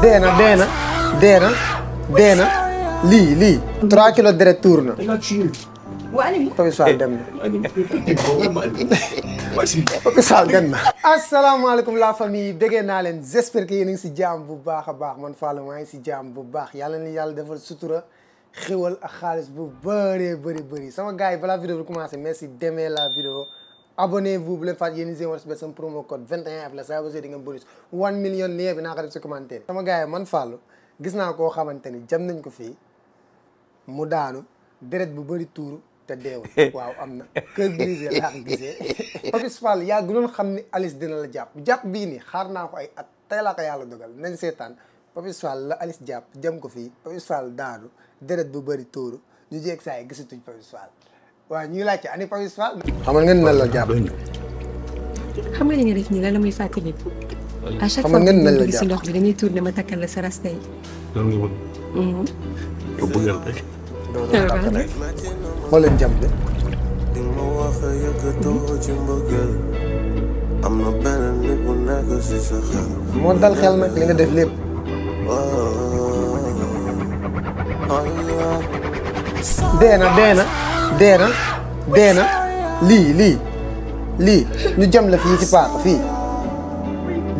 deena deena deena deena lii lii. 3 kilos deret tuur na. Papis Fall dem na. Papis Fall dem na. asalaamaaleykum la famille bëggee naa leen j'espère que yéen a ngi si jaam bu baax a baax man Fallou maa ngi si jaam bu baax yàlla ni yàlla defal sutura xéwal ak xaalis bu bëree bëri bëri sama gars yi balaa vidéo bi commencé merci d'aimer la vidéo abonnez-vous bu leen fàtte yéen Zé Won Sports sama promo code 21F la saa ba di nga bonus yi man Fallou gis naa koo xamante ni jam nañ ko fii mu daanu deret bu bëri tuuru te deewul waaw am na kër brisé laa ko gisee Papis Fall yaa gënoon xam ni Alice dina la jàpp jàpp bii ni xaar naa ko ay at tey laa ko yàlla dogal nañ seetaan Papis Fall la Alice jàpp jam ko fii Papis Fall daanu deret bu bëri tuuru ñu jeeg saa yi gisatuñ Papis Fall Wah ñu ngi laajte ani Papis Fall. xamal ngeen nan la jàpp. xam nga ni rek ñi lan la muy fàttali. à chaque fois ngeen nan la jàpp si ndox bi dañuy tourné dal xel nag li nga def Dena, Dena, li, li, li. ñu jëm la li, ci park fi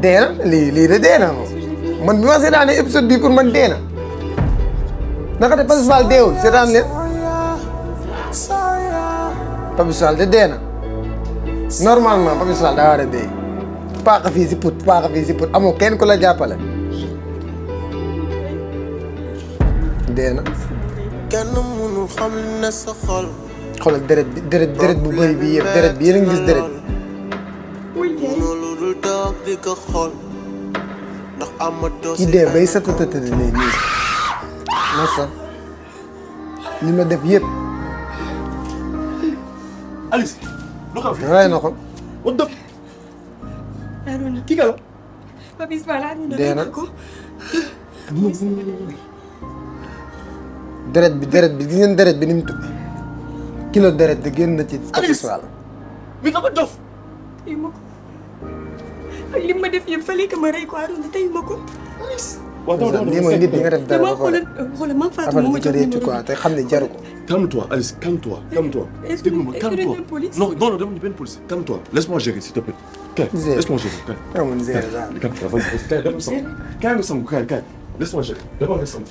dee li li re de man bima sé seetaanee épisode bi pour man Dena. naka de Papis Fall deewul seetaan leen Papis Fall de dee na normalement Papis Fall daa war a dee paaka put paaka fii si put kenn ko la jappalé dee kenn mënul xam li ne sa xol. xoolal deret bi deret deret bu bi yëpp deret bi yéen a ngi gis deret bi. ki dee bay sa tëtëtële nii nii. masa li ma def yëpp. Alice. ray na ko. wut dëpp. kii ka la. dee na. deret bi deret bi gis ngeen deret bi ni mu tudd kilo deret bi génn na ci. Aziz bi nga ma dof. tey ma ko ak li ma def yëpp fële que ma rey ko Arouna tey ma ko. waaw dama dama dama nit ñi nga def dara ba pare xoolal man Fatou moo ma jox numéro bi quoi te xam ne jaru ko. calme toi Alice calme toi calme toi. déglu ma calme toi non non non demuñu benn police calme toi laisse moi gérer s'il te plaît. kay laisse moi gérer kay. amoon zéro daal kay kay kay kay kay laisse moi gérer d'abord nga sant.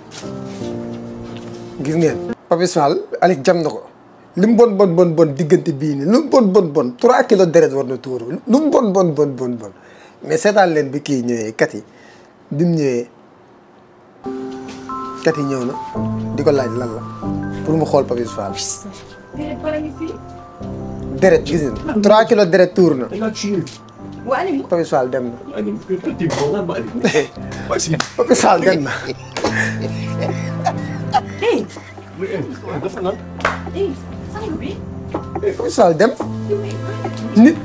gis ngeen Pape Ismaël Alif jam na ko li mu bon bon bon bon diggante bii nii lu mu bon bon bon trois kilos deret war na tuuru lu mu bon bon bon bon bon mais seetaan leen bi kii ñëwee kat yi bi mu ñëwee kat yi ñëw na di ko laaj lan la pour mu xool Pape Ismaël deret gis ngeen trois kilos deret tuur na Pape Ismaël dem na Pape Ismaël dem na muy dafa naan. Faye dem. nit.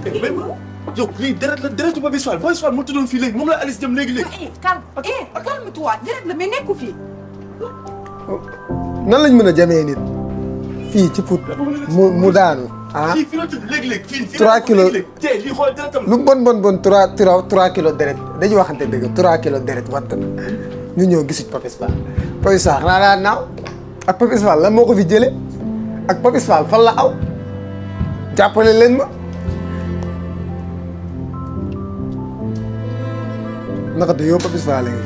yow lii deret la deretu Papis Fall Papis Fall moo tuddoon fii léegi moom la Alice jëm léegi léegi. Eh, calme eh, calme toi ah, deret la mais nekku fii. Oh, nan lañ mën a jamee nit. fii ci put mu mu daanu. ah fii fii la tudd léegi léegi fii fii la tudd léegi léegi. 3 kilos tey lii xool deretam lu bon bon bon 3 3 3 kilos deret dañuy waxante dëgg 3 kilos deret watt na ñu ñëw gisuñ Papis Fall Papis Fall xanaa daa naaw. ak Papis Fall lan moo ko fi jële ak Papis Fall fan aw jàppale leen ma naka te yow Papis fii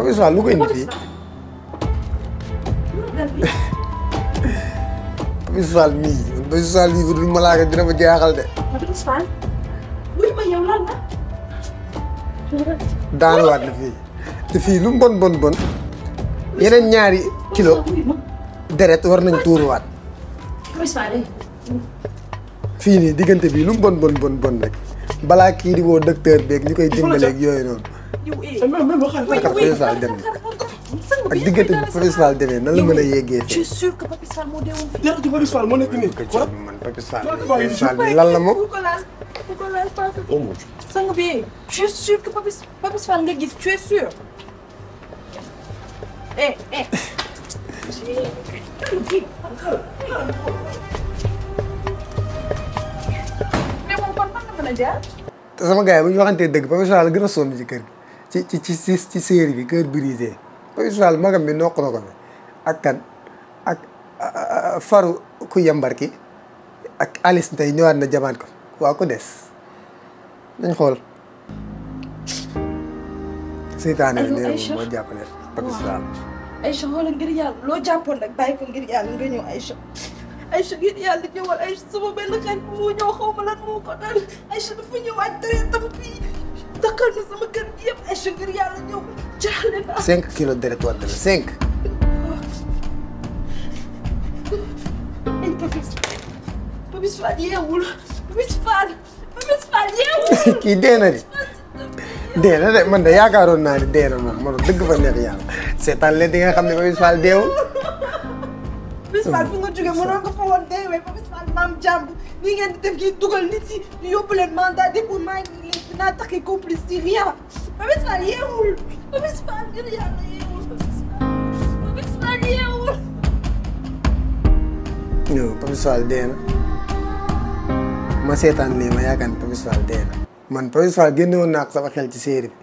Papis lu ko indi fii Papis Fall mii Papis Fall mii bu dul malaaka dina ma jaaxal de daan waat na fii te fii lu bon bon bon yeneen ñaari kilo deret war nañ tuuruwaat fii nii diggante bi lu mu bon bon bon bon rek balaa kii di woo docteur beeg ñu koy dimbaleek yooyu noonu ak Papis Fall dem ak diggante bi Papis Fall demee nan la mën a yeggee fii dara ci Papis Fall moo nekk nii lan la moom Eh, eh. sama gars yi bu ñu waxantee dëgg Papis Fall gën a sonn ci kër gi ci ci ci ci série bi cœur brisé Papis Fall magam bi noq na ko fi ak kan ak faru ku yambar ki ak Alice Ndeye ñëwaat na jamaat ko waa ko des nañ xool seytaane néew moo jàppale Pakistan Aïcha xoolal ngir yàlla loo jàppoon nag bàyyi ko ngir yàlla nga ñëw Aïcha Aïcha ngir yàlla ñëwal Aïcha sama benn xarit moo ñëw xaw ma lan moo ko dal Aïcha dafa ñëwaat deretam fii takkal na sama kër gi yëpp Aïcha ngir yàlla ñëw jaaxle naa cinq kilos deret waat na cinq Papis Fall yeewul Papis Fall Papis Fall yeewul kii dee di dee na de man de yaakaaroon naa ne dee na moom man dëgg fa neex yàlla seetaan leen di nga xam ne Papis Fall deewul. fu nga jógee mënoon nga fa woon deewee Papis Fall maam jàmb ni ngeen di def kii dugal nit yi ñu yóbbu leen mandat dépôt maa ngi leen ci rien yeewul ngir yeewul yeewul. ma ma man Pawlish Fall génne woon naa ko sama xel ci série bi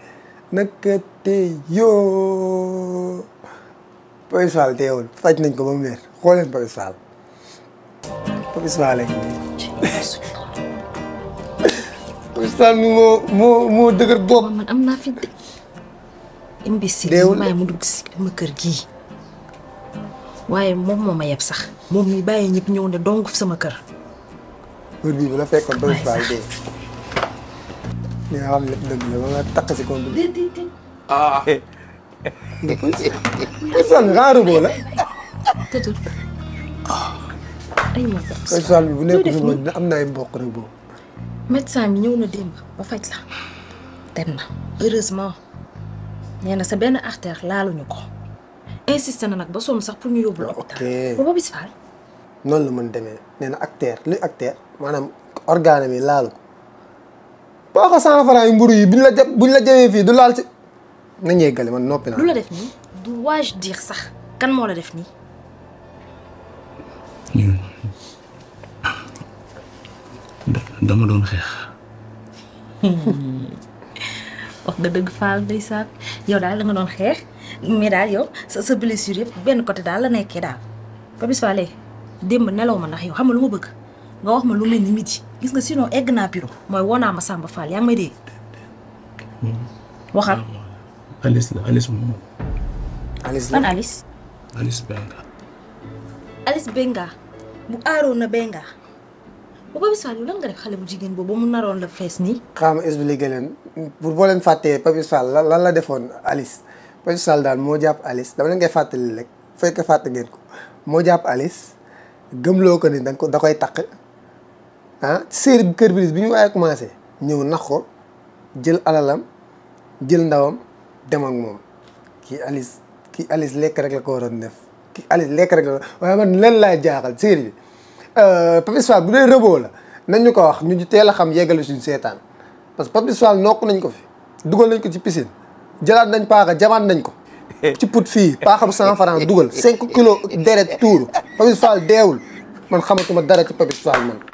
naka tey yoo Pawlish Fall teewul faj nañ ko ba mu leer xool leen Pawlish Fall Pawlish Fall lañ mi moo moo moo dëgër bopp man am naa fi de imbécile may mu dugg si ma kër gii waaye moom moo ma yeb sax moom mi bàyyi ñëpp ñëw ne dong sama kër heure bii bu la fekkoon Pawlish Fall dee li nga xam lépp dëgg la ba nga takk si compte bi. ah. mais ku si ku si la. tëtul. ay ma bi bu nekkul si man am na ay mbokk rek boobu. médecin bi ñëw na démb ba faj la. dem na heureusement nee na sa benn artère laaluñu ko. insisté na nag ba soom sax pour ñu yóbbu la hôpital. ok ba ba bis faal. noonu la mën demee nee na artère li artère maanaam organe mi laalu ko. boo ko cent franc yi mburu yi buñ la jë buñ la jëwee fii du laal ci nañ yeggale man noppi naa. lu la def nii du waaj diir sax kan moo la def nii. dama doon xeex. wax nga dëgg Fall ndeysaan yow daal da nga doon xeex mais daal yow sa sa blessure yëpp benn côté daal la nekkee daal. ba bis démb nelaw ma ndax yow xam nga lu ma bëgg. nga wax ma lu mel ni midi gis nga sinon egg naa bureau mooy woo ma Samba Fall yaa ngi may dégg. Mm-hmm. waxal ah, Alice la Alice Benga. Alice Benga bu aaroon na Benga bu Papis Fall lan nga def xale bu jigéen boobu ba mu naroon la fees nii. xaaral ma expliqué leen pour boo leen fàttee Papis Fall lan la defoon alis Papis daal moo jàpp alis dama leen koy fàttali rek fekk fàtt ngeen ko moo jàpp Alice gëmloo ko ni da ko da koy taq ah séeri kër Brice bi ñu waaye commencé ñëw nax ko jël alalam jël ndawam dem moom kii Alice kii Alice lekk rek la ko waroon def ki Alice lekk rek la waaye man lan laa jaaxal série bi euh, Papis Fall bu dee rëboo la nañ ñu ko wax ñu teel a xam yeggale suñu seetaan parce que Papis nokk nañ ko fi dugal nañ ko ci piscine jëlaat nañ paaka jamaat nañ ko ci put fii paaxam cent franc dugal cinq kilos deret tuuru Papis Fall deewul man xamatuma dara ci Papis Fall